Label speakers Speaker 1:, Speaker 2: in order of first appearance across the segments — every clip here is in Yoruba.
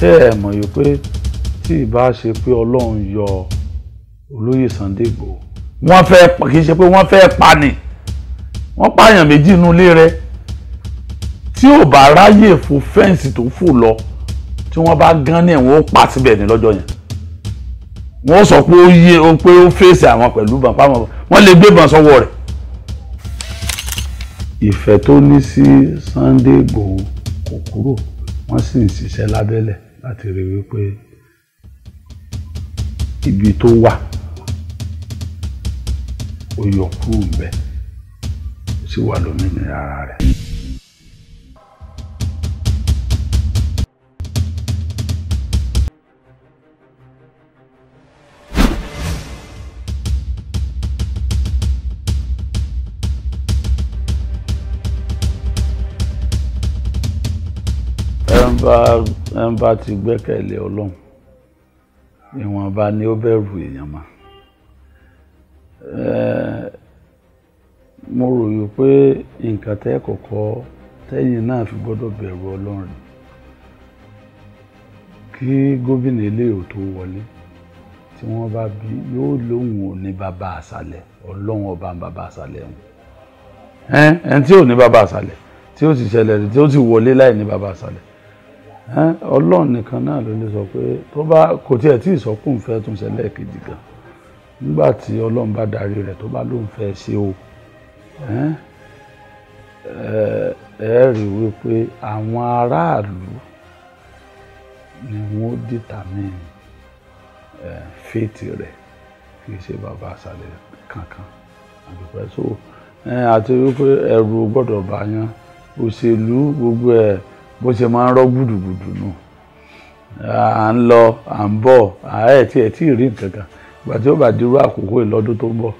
Speaker 1: ṣé ẹ mọ̀ yìí pé tí ìbá ṣe pé ọlọ́run yọ olóyè Sunday Igboho wọ́n fẹ́ kì í ṣe pé wọ́n fẹ́ pa ni wọ́n pààyàn méjì inú ilé rẹ̀ tí ò bá ráyè fò fẹ́ǹsì tó fò lọ tí wọ́n bá gán ní ẹ̀wọ̀n ó pa síbẹ̀ ní lọ́jọ́ yẹn wọ́n sọ pé ó yé o pé ó fèsì àwọn pẹ̀lú bàbá wọn wọ́n lè gbé bàn sọ́wọ́ rẹ̀. ìfẹ́ tó ní sí Sunday Igboho kò kúrò wọ́n sì ń ṣiṣẹ́ lábẹ́lẹ̀ láti rí wípé ibi tó wà ó yọ kúrò ń bẹ̀ ó sì wà lómìnira rẹ̀. bá ń bá ti gbẹ́kẹ̀lé ọlọ́run ìwọ̀nba ni ó bẹ̀rù èèyàn mà mo rò yìí pé nǹkan tẹ́ kọ̀kọ́ tẹ́yìn náà fi gbọ́dọ̀ bẹ̀rù ọlọ́run kí gómìnà eléyìí tó wọlé tí wọ́n bá bí yóò lóhùn òní bàbá àṣàlẹ̀ ọlọ́run ọba bàbá àṣàlẹ̀ wọn ẹn ẹn tí ò ní bàbá àṣàlẹ̀ tí ó sì ṣẹlẹ̀ tí ó sì wọlé láì ní bàbá àṣàlẹ̀ ọlọ́run nìkan náà ló lè sọ pé tó bá kò tiẹ̀ tí ìsọkùn fẹ́ tún ṣẹlẹ̀ kejì gan nígbà tí ọlọ́run bá darí rẹ̀ tó bá lóun fẹ́ ṣe o ẹ rí i wípé àwọn aráàlú ni wọ́n dìtàmíì fèètì rẹ̀ kì í ṣe bàbá àṣàlẹ̀ kankan àdùpẹ́ so àti wípé ẹ̀rù gbọ́dọ̀ bá yàn òṣèlú gbogbo ẹ̀ bó ṣe máa ń rọ́ gbùdùgbùdù nù à ń lọ à ń bọ̀ àárẹ̀ tí ẹ tí ì rí nǹkan kan ìgbà tí ó bá dirú àkókò ìlọ́dún tó ń bọ̀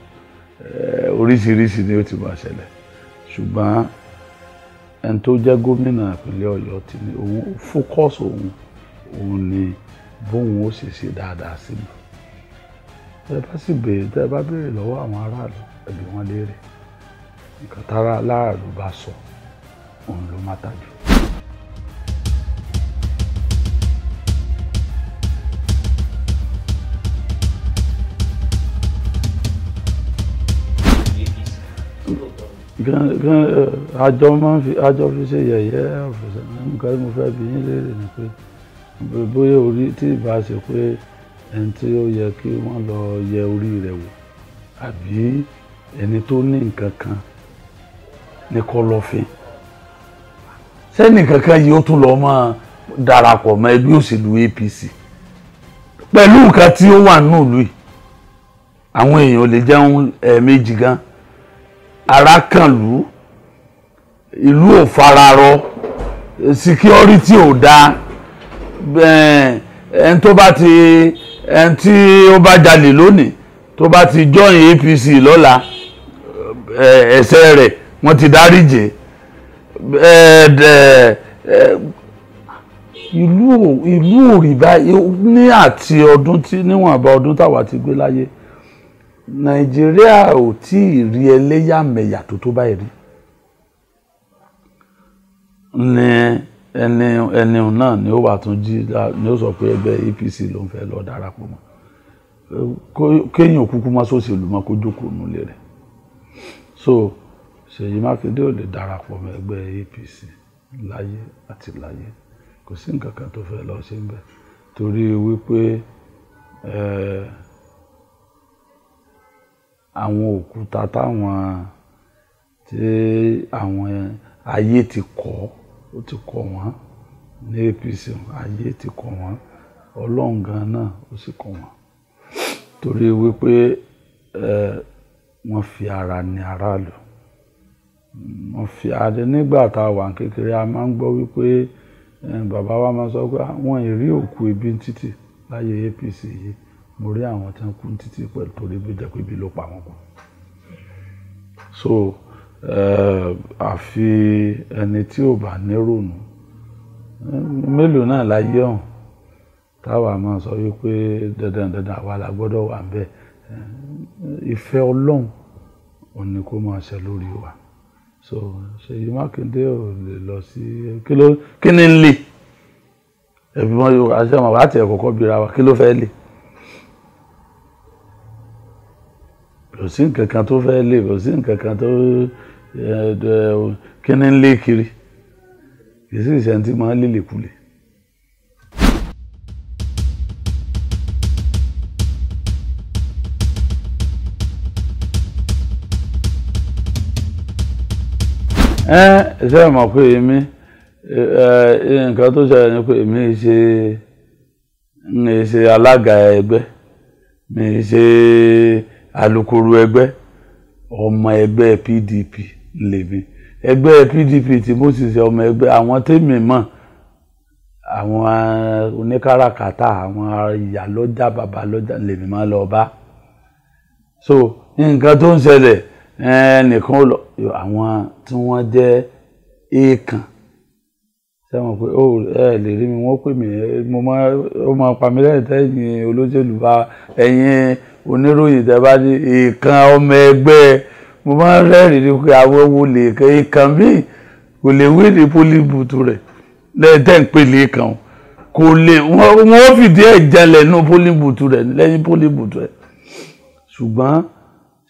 Speaker 1: oríṣiríṣi ni ó ti máa ṣẹlẹ̀ ṣùgbọ́n ẹni tó jẹ́ gómìnà ìpínlẹ̀ Ọ̀yọ́ ti ní òun fókọ́s òun òun ni bóun ó ṣe ṣe dáadáa sí mi tẹ́ bá sì béèrè tẹ́ bá béèrè lọ́wọ́ àwọn aráàlú ẹbí wọn léèrè nǹkan tára aláàlú bá sọ òun ló má tajú. gan gan àjọ máa ń fi àjọ fi ṣe yẹ̀yẹ́ ọ̀fọ̀sẹ̀ nǹkan tí mo fẹ́ bi yín léèrè ni pé bóyá orí tí ìbá ṣe pé ẹni tí ó yẹ kí wọ́n lọ yẹ orí rẹ̀ wò àbí ẹni tó ní nǹkan kan ní kọ̀lọ̀fín sẹ́ni kankan yìí ó tún lọ máa darapọ̀ mọ́ ẹgbẹ́ òṣèlú APC pẹ̀lú nǹkan tí ó wà nínú ìlú yìí àwọn èèyàn lè jẹun ẹ̀ẹ̀mejì gan-an arákànlú ìlú ò fararọ síkírọ́rítì ò dáa ẹni tó bá ti ẹni tí ó bá jalè lónìí tó bá ti join APC lọ́la ẹ̀ṣẹ̀ rẹ̀ wọ́n ti dáríjì ìlú ìlú òrìbá ní àti ọdún tí níwọ̀nba ọdún táwa ti gbé láyé nàìjíríà ò tí ì rí ẹlẹ́yàmẹ̀yà tó tó báyìí rí ni ẹni ẹni náà ni ó wà tún jí ni ó sọ pé ẹgbẹ́ APC ló ń fẹ́ lọ darapọ̀ mọ́ kéèyàn kúkú má sòṣèlú mọ́ kó jókòó nulẹ̀ rẹ̀ so Ṣèyí Mákindé ò lè darapọ̀ mọ́ ẹgbẹ́ APC láyé àti láyé kò sí nǹkan kan tó fẹ́ lọ ṣe ń bẹ̀ torí wípé ẹ̀ẹ́ àwọn òkúta táwọn tí àwọn ayé ti kọ́ ó ti kọ́ wọ́n ní APC ayé ti kọ́ wọ́n ọlọ́run gan náà ó sì kọ́ wọ́n torí wípé ẹ wọ́n fi ara ní aráàlú wọ́n fi adé nígbà tá a wà kékeré a máa ń gbọ́ wípé bàbá wa máa sọ pé àwọn ah, ìrí òkú ibi títì láyé APC yìí mo rí àwọn tí wọ́n kú títí pẹ̀lú torí bí jẹ́pẹ́ ibi ló pa wọn kù so eh, àfi ẹni tí ò bá nírònú eh, mélòó náà láyé ọ̀hún táwa máa sọ wípé dandan dandan àwa la gbọ́dọ̀ wà bẹ́ẹ̀ eh, ìfẹ́ ọlọ́run òun kó máa ṣe lórí wa so Ṣèyí Mákindé ò lè lọ sí kí ló kí ni ń lè ẹbí wọn yóò àṣẹ àwọn àti ẹ̀kọ́kọ́ bíra wa kí ló fẹ́ lè. kò sí nǹkan kan tó fẹ́ lé kò sí nǹkan kan tó kíní ń lé kiri kì í sì sẹ́ńtì máa ń lélẹ̀kulè. ẹ ṣe mọ̀ pé èmi nǹkan tó ṣẹlẹ̀ ni pé èmi ṣe ń ṣe alága ẹgbẹ́ mi ṣe alukoro ẹgbẹ́ ọmọ ẹgbẹ́ PDP lèmi ẹgbẹ́ PDP tí mo sì ṣe ọmọ ẹgbẹ́ àwọn tèmi mọ̀ àwọn oníkàràkátà àwọn ìyálọ́jà babalọ́jà lèmi máa lọ bá so nǹkan tó ń ṣẹlẹ̀ ẹnìkan àwọn tí wọ́n jẹ́ èèkàn. E sẹ́wọ̀n pé ó oh, ẹ lè rí mi wọ́n pè mí mo máa ó máa pa mí lẹ́yìn tẹ́yìn olóṣèlú bá ẹ̀yin oníròyìn tẹ́ bá ní ìkan ọmọ ẹgbẹ́ mo máa ń rẹ́rìn ní pé àwọn wo lè kan ìkan mi kò lè wí ní pólíbùtù rẹ̀ lẹ́yìn tẹ́ ń pè lè kan kò lè wọ́n fìdí ẹ̀ jalè nú pólíbùtù rẹ̀ lẹ́yìn pólíbùtù rẹ̀ ṣùgbọ́n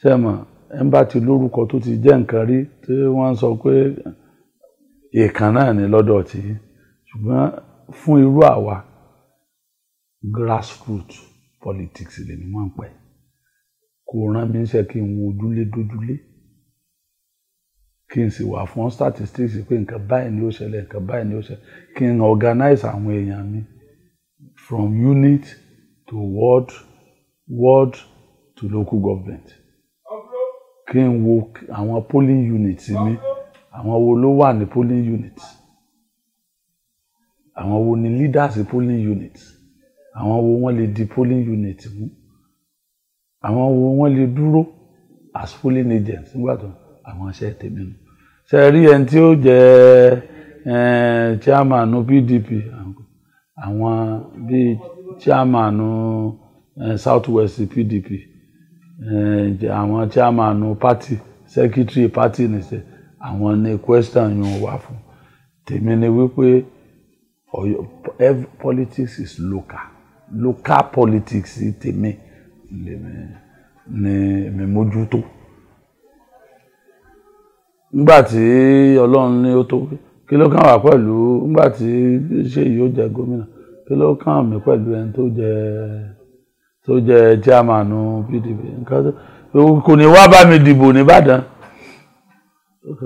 Speaker 1: sẹ́wọ̀n ẹ̀ ń bá ti lórúkọ tó ti jẹ́ nǹkan rí tí wọ́n sọ pé èèkàn náà ni lọ́dọ̀ tí ṣùgbọ́n fún irú àwa grassroot politics lèmi máa ń pẹ́ kò rán mi níṣẹ́ kí n wo ojúlé dójúlé kí n sì wà fún statistics pé nǹkan báyìí ni ó ṣẹlẹ̀ nǹkan báyìí ni ó ṣẹlẹ̀ kí n organize àwọn èèyàn mi from unit to ward ward to local government kí n wo àwọn polling units mi. Okay àwọn wo ló wà ní polling unit àwọn wo ni leaders polling unit àwọn wo wọ́n lè di polling unit mú àwọn wo wọ́n lè dúró as polling agents nígbà tó àwọn iṣẹ́ tèmi nù ṣe rí ẹni tí ó jẹ chairman PDP àwọn bíi chairman South West PDP àwọn chairman party secretary party nìṣẹ́ àwọn ni question yóò wà fún tèmi ni wípé politics is local local politics tèmi ni mi mójútó nígbà tí ọlọ́run ní ó tó kí ló kàn wá pẹ̀lú nígbà tí ṣé yìí ó jẹ gómìnà kí ló kàn mí pẹ̀lú ẹni tó jẹ tó jẹ chairman pdp nǹkan tó kò ní wá bá mi dìbò nìbàdàn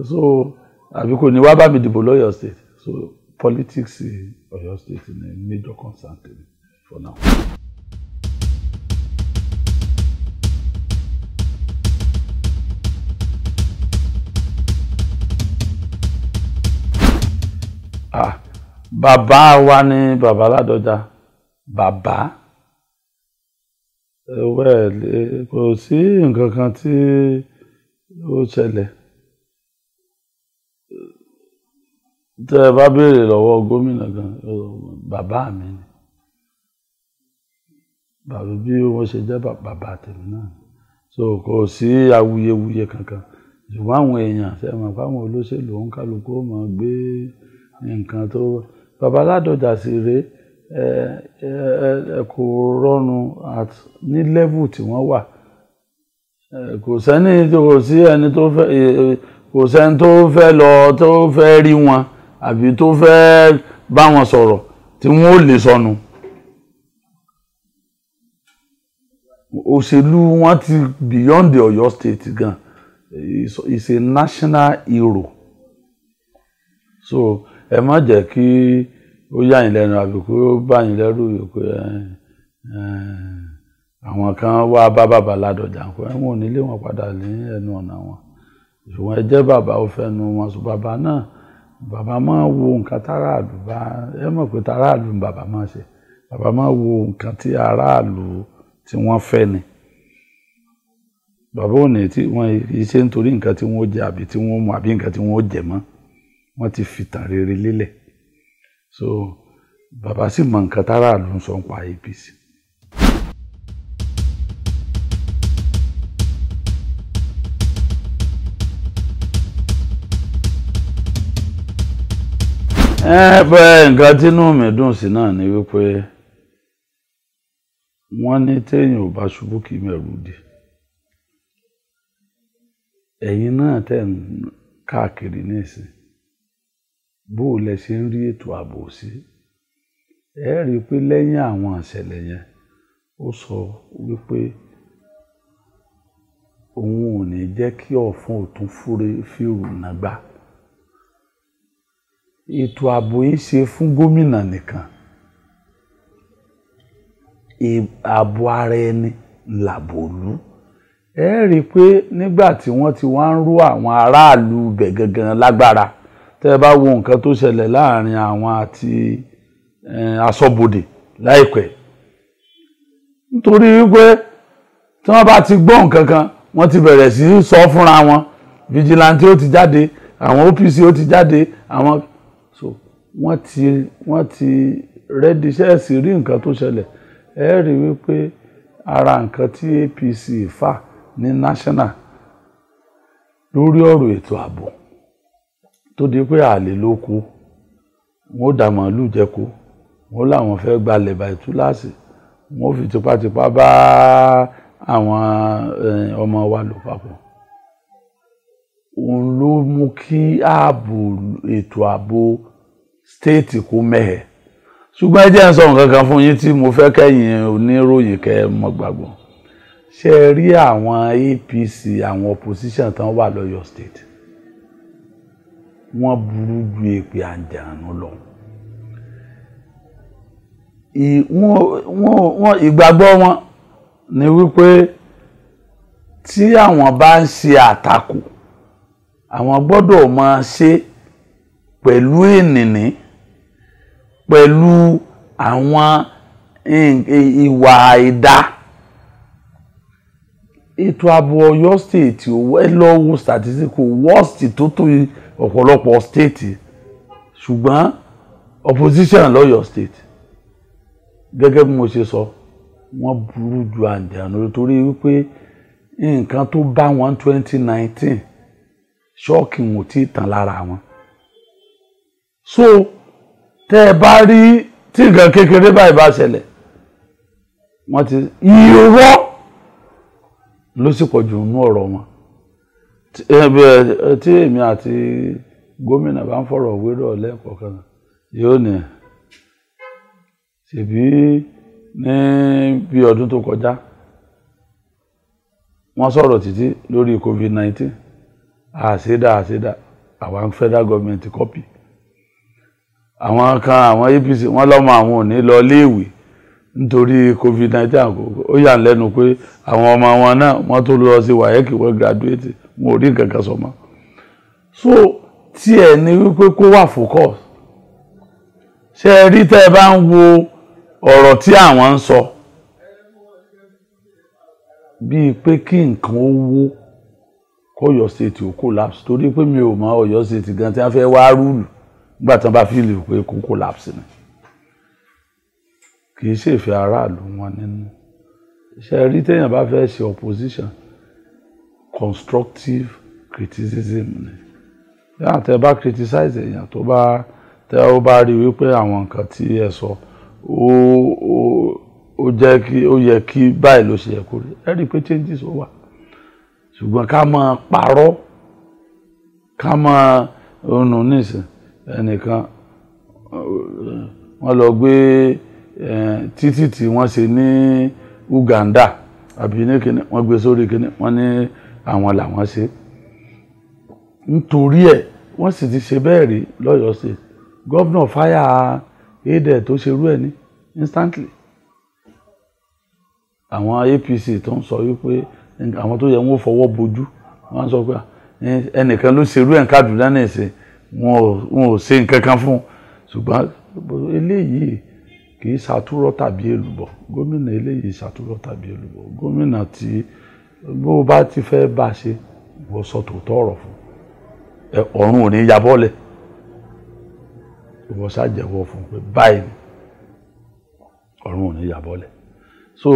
Speaker 1: so àbí kò ní wá bá mi dìbò lọ́yọ̀ state so politics Ọ̀yọ́ state ni major concern tèmi for now. ah bàbá wa ni bàbá Ládọjà bàbá ẹ eh, wẹ́ẹ̀ eh, kò sí nǹkan kan tí ó ṣẹlẹ̀. tẹ ẹ bá béèrè lọ́wọ́ gómìnà gan bàbá mi ni bàbá bí wọ́n ṣe jẹ́ bàbá tèmi náà so kò sí awuyewuye kankan ṣùgbọ́n àwọn èèyàn ṣe mọ̀ fáwọn olóṣèlú òun kálukú mọ̀ gbé nǹkan tó babaládọjà sì rèé kò rọrùn ní level tí wọ́n wà kò sẹ́ni kò sí ẹni tó fẹ́ kò sẹ́ni tó fẹ́ lọ tó fẹ́ rí wọn àbí tó fẹ́ẹ́ bá wọn sọ̀rọ̀ tí wọ́n ò lè sọnù. òṣèlú wọn ti beyond the Ọ̀yọ́ state gan is, a national hero so ẹ má jẹ́ kí ó yà yín lẹ́nu àbí kó bá yín lẹ́rù pé àwọn kan wá bá bàbá ládọjà pé wọn ò nílé wọn padà ní ẹnu ọ̀nà wọn ṣùgbọ́n ẹ jẹ́ bàbá ó fẹ́nu wọn sùn bàbá náà bàbá máa wo nǹkan táráàlú bá ẹ mọ̀ pé táráàlú ni bàbá máa ṣe bàbá máa wo nǹkan tí aráàlú tí wọ́n fẹ́ ni bàbá ò ní tí wọ́n ṣe nítorí nǹkan tí wọ́n jẹ àbí tí wọ́n mu àbí nǹkan tí wọ́n jẹ mọ́ wọ́n ti fìtàn rere lélẹ̀ so bàbá sì mọ nǹkan táráàlú ń sọ nípa APC. Eh, bẹ́ẹ̀ nǹkan tínú mi dùn sí náà ni wípé wọ́n ní téèyàn ò bá ṣubú kì í mẹ̀rù dì ẹ̀yin náà tẹ̀ káàkiri nísìn bó o lẹ ṣe ń rí ètò ààbò sí ẹ rí pé lẹ́yìn àwọn àṣẹlẹ̀ ètò ààbò yìí ṣe fún gómìnà nìkan ààbò ara ẹni làbò lú ẹ rí i pé nígbà tí wọ́n ti wá ń rú àwọn aráàlú ibẹ̀ gangan lágbára tẹ́ ẹ bá wo nǹkan tó ṣẹlẹ̀ láàrin àwọn àti aṣọ́bodè láìpẹ́ nítorí wípé tí wọ́n bá ti gbọ́ nǹkan kan wọ́n ti bẹ̀rẹ̀ sí sọ fúnra wọn vigilante ó ti jáde àwọn OPC ó ti jáde àwọn wọ́n ti wọ́n ti rẹ́dí ṣẹ́ẹ̀sì rí nǹkan tó ṣẹlẹ̀ ẹ rí wípé ara nǹkan tí APC fà ní national lórí ọ̀rọ̀ ètò ààbò tó di pé àlè ló kú wọn ó dà màálù jẹko wọn làwọn fẹ́ gbalẹ̀ báyìí túláàsì wọn ó fi tipátipá bá àwọn ọmọ wa lò papọ̀ òun ló mú kí ààbò ètò ààbò stéètì kó mẹ́hẹ̀ ṣùgbọ́n ẹ jẹ́ ń sọ nǹkan kan fún yín tí mo fẹ́ kẹ́yìn oníròyìn kẹ́ ẹ mọ̀ ṣe ẹ rí àwọn APC àwọn opposition tán wà lọ́yọ̀ state wọ́n burú ju èpè àjànú lọ ìgbàgbọ́ wọn ni wípé tí àwọn bá ń ṣe àtakò àwọn gbọ́dọ̀ máa ṣe pẹ̀lú ènìní pẹ̀lú àwọn ìwà àìda ètò ààbò Ọ̀yọ́ state ẹ lọ wo statistical worst tó tó ọ̀pọ̀lọpọ̀ state ṣùgbọ́n opposition lọ́yọ́ state gẹ́gẹ́ bí mo ṣe sọ wọ́n burú ju àǹdàánú torí wípé nǹkan tó bá wọn twenty ṣọ́ọ̀kì wọn ò tí ì tàn lára wọn so tẹ́ ẹ bá rí tí nǹkan kékeré báyìí bá ṣẹlẹ̀ wọ́n ti irọ́ ló sì pọ̀ jù nínú ọ̀rọ̀ wọn tí èmi àti gómìnà bá ń fọ̀rọ̀ wérọ̀ lẹ́ẹ̀kọ̀ọ̀kan yóò ní ṣèbí ní bí ọdún tó kọjá wọ́n sọ̀rọ̀ títí lórí covid nineteen àṣẹdá àṣẹdá àwọn federal government copy àwọn kan àwọn APC wọ́n lọ́mọ àwọn ò lọ léèwé nítorí covid-19 àkókò ó yà lẹ́nu pé àwọn ọmọ wọn náà wọ́n tó lọ sí wáyẹ́kì wọ́n graduate wọn ò rí nǹkan kan sọ so tiẹ̀ ní wípé kó wà focus ṣe é rí tẹ́ ẹ bá ń wo ọ̀rọ̀ tí àwọn ń sọ bíi pé kí nǹkan ó wó kó Ọ̀yọ́ state ó collapse torí pé mi ò mọ Ọ̀yọ́ state gan tí wọ́n fẹ́ wá rúùlù nígbà tí wọ́n bá fíìlì pé kò collapse ni kì í ṣèfẹ́ aráàlú wọn nínú ṣe rí téèyàn bá fẹ́ ṣe opposition constructive criticism ni yàrá tẹ bá criticize èèyàn tó bá tẹ ó bá rí wípé àwọn nǹkan tí ẹ sọ ó ó ó jẹ́ kí ó yẹ kí báyìí ló ṣe yẹ kó rí ẹ rí i pé changes ó wà ṣùgbọ́n ká máa parọ́ ká máa ronú nísìn ẹnìkan wọ́n lọ gbé títì tí wọ́n ṣe ní Uganda àbí ní kíní wọ́n gbé sórí kíní wọ́n ní àwọn làwọn ṣe nítorí ẹ̀ wọ́n sì ti ṣe bẹ́ẹ̀ rí lọ́yọ̀ọ́ sí gọ́vnọ̀ fáyà adẹ tó ṣerú ẹ̀ ní instantly àwọn APC tó ń sọ wípé àwọn tó yẹ wọ́n fọwọ́ bojú wọ́n sọ pé ẹnìkan ló ṣerú ẹ̀ ń Kaduna nìsín wọn ò wọn ò ṣe nǹkan kan fún un ṣùgbọ́n eléyìí kì í ṣàtúrọ̀ tàbí èlùbọ̀ gómìnà eléyìí ṣàtúrọ̀ tàbí èlùbọ̀ gómìnà tí bó bá ti fẹ́ bá ṣe ìwọ sọ tòótọ́ ọ̀rọ̀ fún ẹ ọ̀run ò ní yabọ́lẹ̀ ìwọ ṣàjẹ́wọ́ fún pé báyìí ọ̀run ò ní yabọ́lẹ̀ so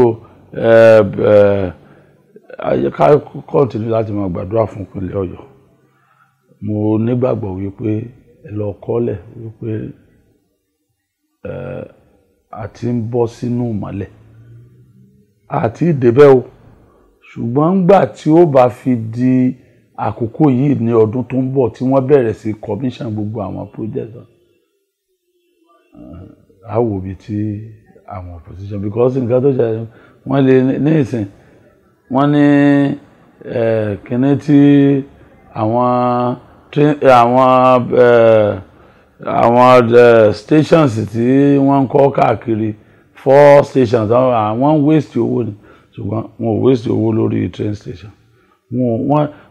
Speaker 1: ẹ ẹ ká kọ́ńtínú láti máa gbàdúrà fún ìpínlẹ̀ ọ̀yọ́ mo nígbàgbọ́ wípé ẹ lọ kọ́lẹ̀ wípé ẹ a ti ń bọ́ sínú ìmọ́lẹ̀ àti ìdébẹ̀ o ṣùgbọ́n ńgbà tí ó bá fi di àkókò yìí ní ọdún tó ń bọ̀ tí wọ́n bẹ̀rẹ̀ sí commission gbogbo àwọn project á wò bí ti àwọn opposition because nǹkan tó ṣe wọ́n lè ní ìsìn wọ́n ní kíní tí àwọn. Uh, àwọn eh, àwọn eh, stations tí wọ́n ń kọ́ káàkiri four stations àwọn ń waste owó ni ṣùgbọ́n wọn ò waste owó lórí train station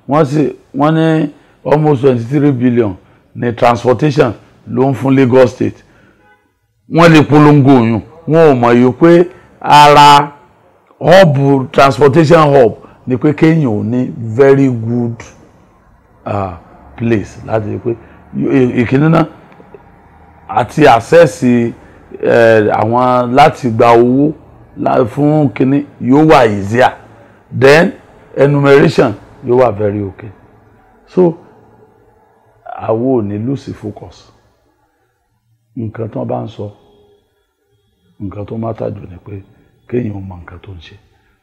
Speaker 1: wọ́n sì wọ́n ní almost twenty three billion ní transportation ló ń fún Lagos State wọ́n lè polongo oyún wọn ò mọ̀ yìí pé ara hub transportation hub ni pé kéèyàn ò ní very good. Uh, place láti pé ìkíní náà àti àṣẹ́sì àwọn láti gba owó fún kíní yóò wà easier then enumeration yóò wà very okay so àwo ò ní lose focus nǹkan tó bá ń sọ nǹkan tó mátà jù ni pé kéèyàn mọ nǹkan tó ń ṣe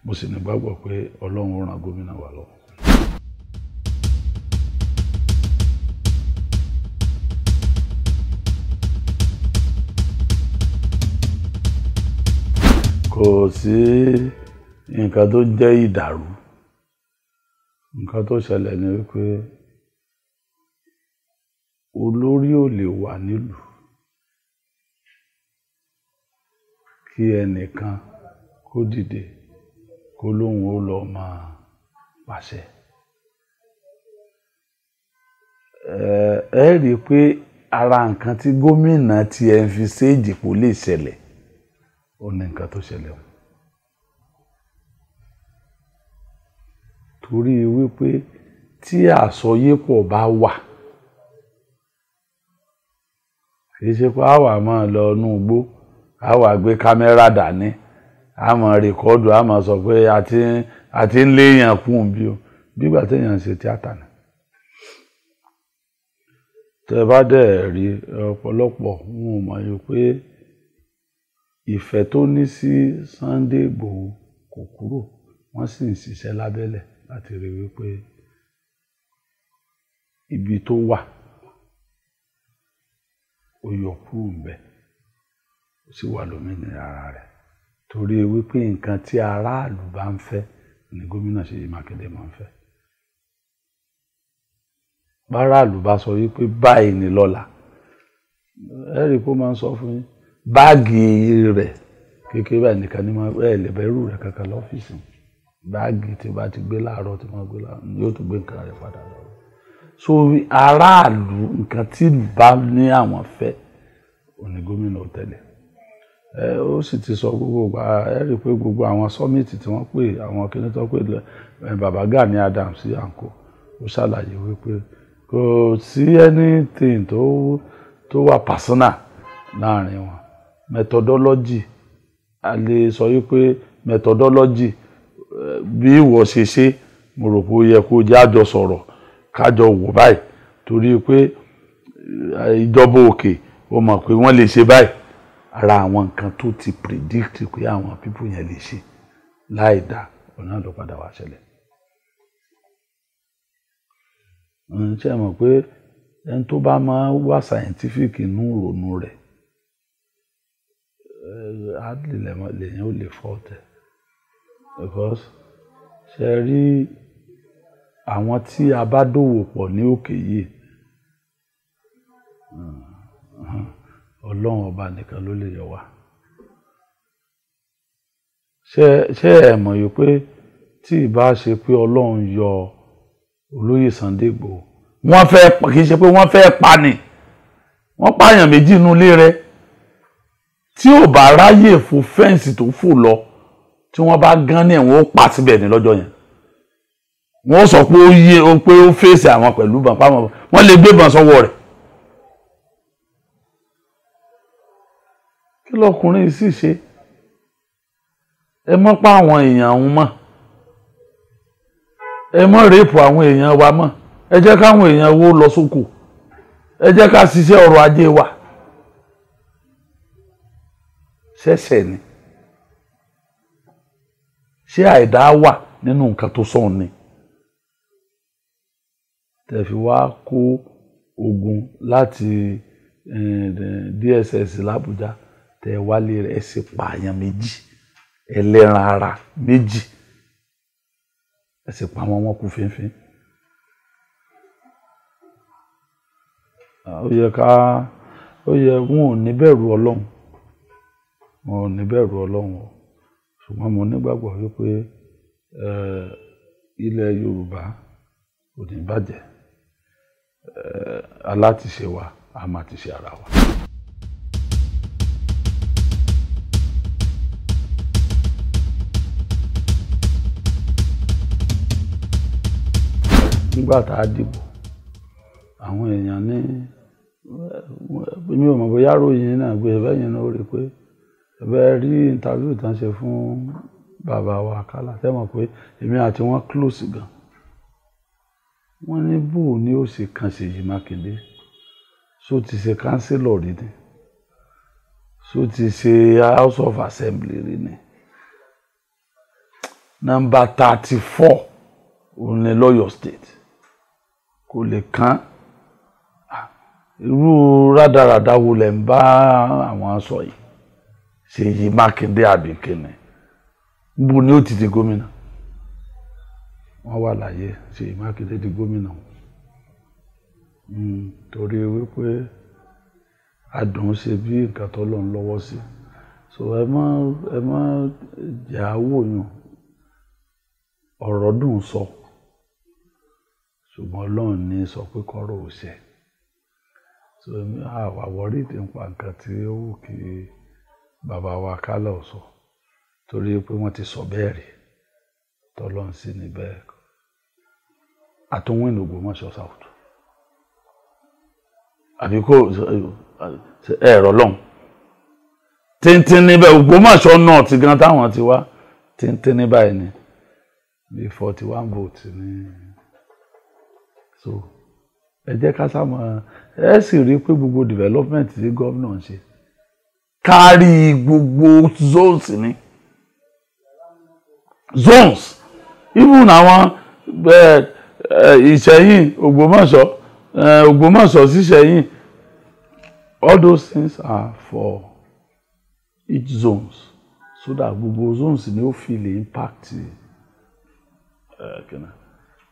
Speaker 1: mo sì nígbàgbọ́ pé ọlọ́run ràn gómìnà wa lọ́wọ́. kò sí nǹkan tó jẹ́ ìdàrú nǹkan tó ṣẹlẹ̀ ni wípé olórí ò lè wà nílùú kí ẹnìkan kó dìde kó lóun ó lọ máa pàṣẹ ẹ ẹ rí i pé ara nǹkan tí gómìnà ti ń fi séèjì kò lè ṣẹlẹ̀ ó ní nǹkan tó ṣẹlẹ̀ o torí wípé tí àsọyépọ̀ bá wà kì í ṣe pé a wà máa lọ inú igbó a wà gbé kámẹ́rà dání a máa rìkọ́dù a máa sọ pé a ti ń léèyàn kú bí o bígbà téèyàn ń ṣe tíátà ni tẹ bá dẹ̀ rí ọ̀pọ̀lọpọ̀ wọn ò mọ̀ yìí pé ìfẹ́ tó ní sí Sunday Igbòho kò kúrò wọ́n sì ń ṣiṣẹ́ lábẹ́lẹ̀ láti rí wípé ibi tó wà ó yọ kúrò ńbẹ̀ ó sì wà lómìnira ara rẹ̀ torí wípé nǹkan tí aráàlú bá ń fẹ́ ni gómìnà Ṣèyí Mákindé máa ń fẹ́ báráàlú bá sọ wípé báyìí ni lọ́la ẹ rí i pé máa ń sọ fún yín báàgì rẹ̀ kékeré báyìí nìkan ní ẹ lè bẹ̀rù rẹ̀ kankan lọ́fíìsì báàgì tí bá ti gbé láàárọ̀ tí wọ́n gbé láàárọ̀ yóò tún gbé nǹkan rẹ̀ padà lọ. so aráàlú nǹkan tí bá ní àwọn fẹ́ òní gómìnà ò tẹ̀lé ẹ ó sì ti sọ gbogbo gba ẹ rí i pé gbogbo àwọn sọ́mìtì tí wọ́n pè àwọn kìnní tó pè bàbá Gani Adams yanko ó ṣàlàyé wípé kò sí anything tó wà personal láàrin wọn methodology a lè sọ yìí pé methodology eh, bí ìwọ ṣe ṣe mo rò pé ó yẹ kó jẹ́ àjọ sọ̀rọ̀ kájọ wò báyìí torí pé eh, ìjọba òkè ó mọ̀ pé wọ́n lè ṣe báyìí ara àwọn nǹkan tó ti predict pé àwọn people yẹn lè ṣe láì dá ọ̀nà ló padà wá ṣẹlẹ̀. Hmm, ṣé ẹ mọ̀ pé ẹni tó bá máa wá scientific inú ìrònú rẹ̀ Eh, hardly lèyìn ó lè fọ́ tẹ̀ because ṣe rí àwọn tí a bá dòwò pọ̀ ní òkè yìí hmm. ọlọ́run ọba nìkan ló lè yọ wá ṣé ẹ mọ̀ yìí pé tí ìbá ṣe pé ọlọ́run yọ olóyè Sunday Igboho wọ́n fẹ́ kì í ṣe pé wọ́n fẹ́ pa ni wọ́n pààyàn méjì nulẹ̀ rẹ̀ tí ò bá ráyè fo fẹ́ǹsì tó fò lọ tí wọ́n bá gán ní ẹ̀wọ̀n ó pa síbẹ̀ ní lọ́jọ́ yẹn wọ́n sọ pé ó yé o pé ó fèsì àwọn pẹ̀lú bàbá wọn wọ́n lè gbébọn sọ́wọ́ rẹ̀ kí lọkùnrin sì ṣe ẹ mọ́ pa àwọn èèyàn ọ̀hún mọ́ ẹ mọ́ rèépù àwọn èèyàn wa mọ́ ẹ jẹ́ káwọn èèyàn wo lọ sóko ẹ jẹ́ ká ṣiṣẹ́ ọrọ̀ ajé wa ṣẹ̀ṣẹ̀ ni ṣé àìdá wà nínú nǹkan tó sọ̀n ni tẹ̀fi wá kó ogun láti eh, DSS làbújá tẹ̀ wálé rẹ̀ ẹ̀ sì pààyàn méjì ẹlẹ́ran ara méjì ẹ̀ sì wọn kú fínfín. ó yẹ ká ó yẹ wọn ò ní bẹ̀rù ọlọ́run mo níbẹ̀rù ọlọ́run o ṣùgbọ́n mo nígbàgbọ́ wípé ilẹ̀ yorùbá kò ní bàjẹ́ alátiṣe wa a máa ti ṣe ara wa. nígbà tá a dìbò àwọn èèyàn ní mi ò mọ̀ bóyá ròyìn náà gbé bẹ́yìn náà ó rí i pé. bẹ́ẹ̀ rí interview tán ṣe fún bàbá wa àkàlà tẹ́ mọ̀ pé èmi àti wọn close gan wọ́n ní bò ní ó ṣe kan Ṣèyí Mákindé so ti ṣe kánsílọ̀ rí ni so ti ṣe house of assembly rí ni nọ́mbà thirty four òun ni lọ́yọ̀ state kò lè kán ah, irú rádaràda wo lẹ̀ ń bá àwọn sọ yìí. Ṣèyí Mákindé àbíkẹ́ni níbo ni ó ti di gómìnà wọ́n wà láyé Ṣèyí Mákindé di gómìnà hmm, torí wípé adùn ṣe bí nǹkan tó lọ́n lọ́wọ́ sí so ẹ má ẹ má jà á wòyàn ọ̀rọ̀ dùn sọ ṣùgbọ́n Ọlọ́run ní sọ pé kọ́rọ̀ ò ṣe so àwa wọrí ti ń pa nǹkan tí ó wù kí bàbá wa kálá ọ̀sọ́ torí pé wọ́n ti sọ bẹ́ẹ̀ rí tọ́lọ́ sí ni bẹ́ẹ̀ àtúnwìn Ògbómọ̀ṣọ́ south àbí kò ẹ̀rọ lọ́hùn tíntín níbẹ̀ Ògbómọ̀ṣọ́ náà ti gan táwọn ti wá tíntín ní báyìí ni bí forty one votes ni so ẹ jẹ́ ká sá mọ́ ẹ sì rí i pé gbogbo development tí gómìnà ń ṣe kárí gbogbo zones ni zones even àwọn eh, eh, ìṣẹ̀yìn ògbómọ̀ṣọ́ eh, ògbómọ̀ṣọ́ síṣẹ̀yìn all those things are for each zones so that gbogbo zones ni ó fi lè impact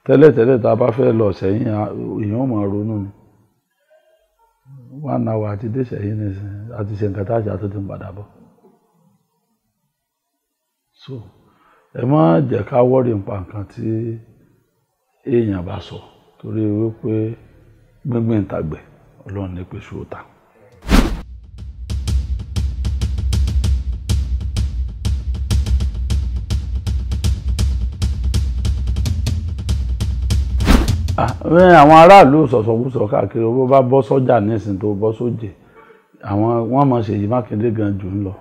Speaker 1: tẹ́lẹ̀tẹ́lẹ̀ tá a bá fẹ́ lọ ṣẹ̀yìn èèyàn máa ronú ni one hour àti déṣẹ̀ yìí nìsín àti ṣe nǹkan tá a ṣe àtúntò ń padà bọ̀ so ẹ má jẹ́ ká wọ́rì nípa nǹkan tí èèyàn bá sọ torí wípé gbíngbìn tàgbẹ̀ ọlọ́run ní pé ṣòwò ta. àwọn aráàlú sọ̀sọ̀kúsọ káàkiri owó bá bọ́ sọ́jà nísìn tó bọ́ sójè àwọn wọ́n mọ̀ ṣèyí mákindé gan jù ń lọ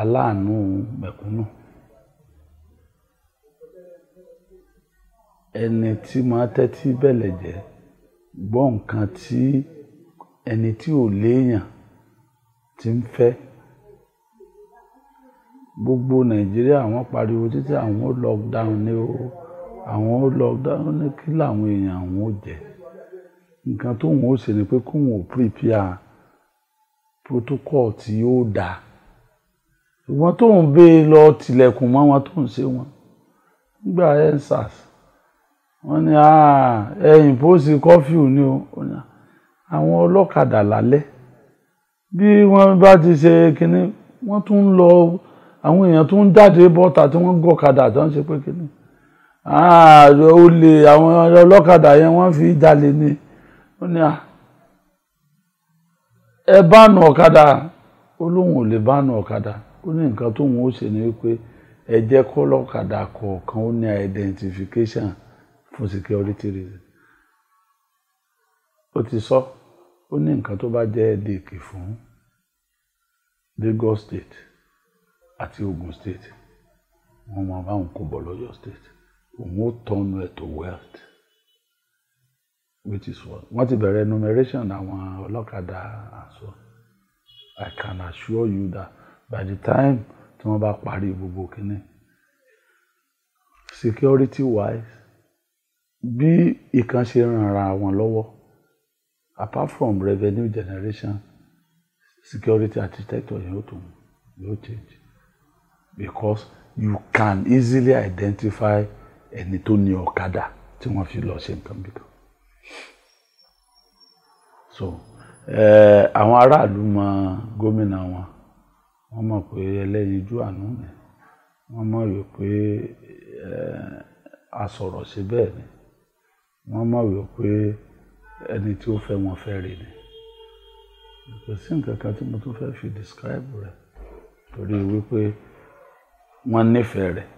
Speaker 1: aláàánú mẹ̀kúnnù ẹni tí máa tẹ́tí bẹ̀lẹ̀ jẹ́ gbọ́ nǹkan tí ẹni tí ò léèyàn ti ń fẹ́ gbogbo nàìjíríà wọ́n pariwo títí àwọn lockdown ni o àwọn ó lọ dáná ní kí làwọn èèyàn àwọn ó jẹ nǹkan tóun ó ṣe ni pé kóun ò prepare protocol tí ó dáa ṣùgbọ́n tóun bẹ́ẹ̀ lọ tilẹ̀kùn mọ́ wọn tóun ṣe wọn nígbà ensars wọ́n ní ẹ̀yìn pósí kọ́fíù ni o àwọn ọlọ́kadà lálẹ́ bí wọ́n bá ti ṣe kínní wọ́n tún lọ àwọn èèyàn tún jáde bọ́ta tí wọ́n gọ́kadà tó ń ṣe pé kínní. Ah, olè àwọn ọlọ́kadà yẹn wọ́n fi jalè ni ó ní à ah, ẹ bánu ọ̀kadà ó lóun ò lè bánu ọ̀kadà ó ní nǹkan tóun ó ṣe ni wípé ẹ jẹ́ kọ́lọ́kadà kọ̀ọ̀kan ó ní identification for security reason ó ti sọ ó ní nǹkan tó bá jẹ́ ẹ̀dẹ̀kì fún Lagos state àti Ogun state wọ́n máa bá òun kó bọ̀ lọ́yọ̀ state òun ó tọ́nu ẹ̀ tó wealth which is what wọ́n ti bẹ̀rẹ̀ enumeration àwọn ọlọ́kadà àṣọ I can assure you that by the time tí wọ́n bá parí gbogbo kínní security wise bí ìkan ṣe ràn ara wọn lọ́wọ́ apart from revenue generation security architecture yóò tún yóò change because you can easily identify ẹni tó ní ọ̀kadà tí wọ́n fi lọ ṣe nǹkan bìkan so àwọn aráàlú mọ gómìnà wọn wọ́n mọ̀ pé ẹlẹ́yinjú àánú ni wọ́n mọ̀ wí pé asọ̀rọ̀ ṣe bẹ́ẹ̀ ni wọ́n mọ̀ wí pé ẹni tí ó fẹ́ wọn fẹ́ rí ni kò sí nǹkan kan tí mo tún fẹ́ fi describe rẹ̀ torí wípé wọ́n nífẹ̀ẹ́ rẹ̀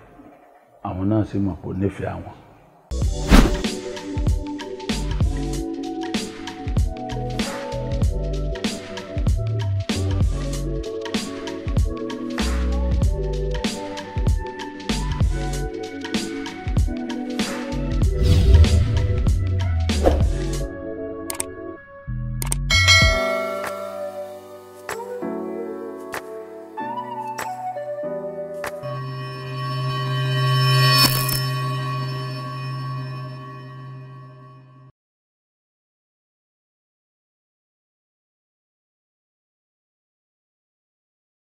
Speaker 1: àwọn náà sì mọ̀ pé ó nífẹ̀ẹ́ àwọn.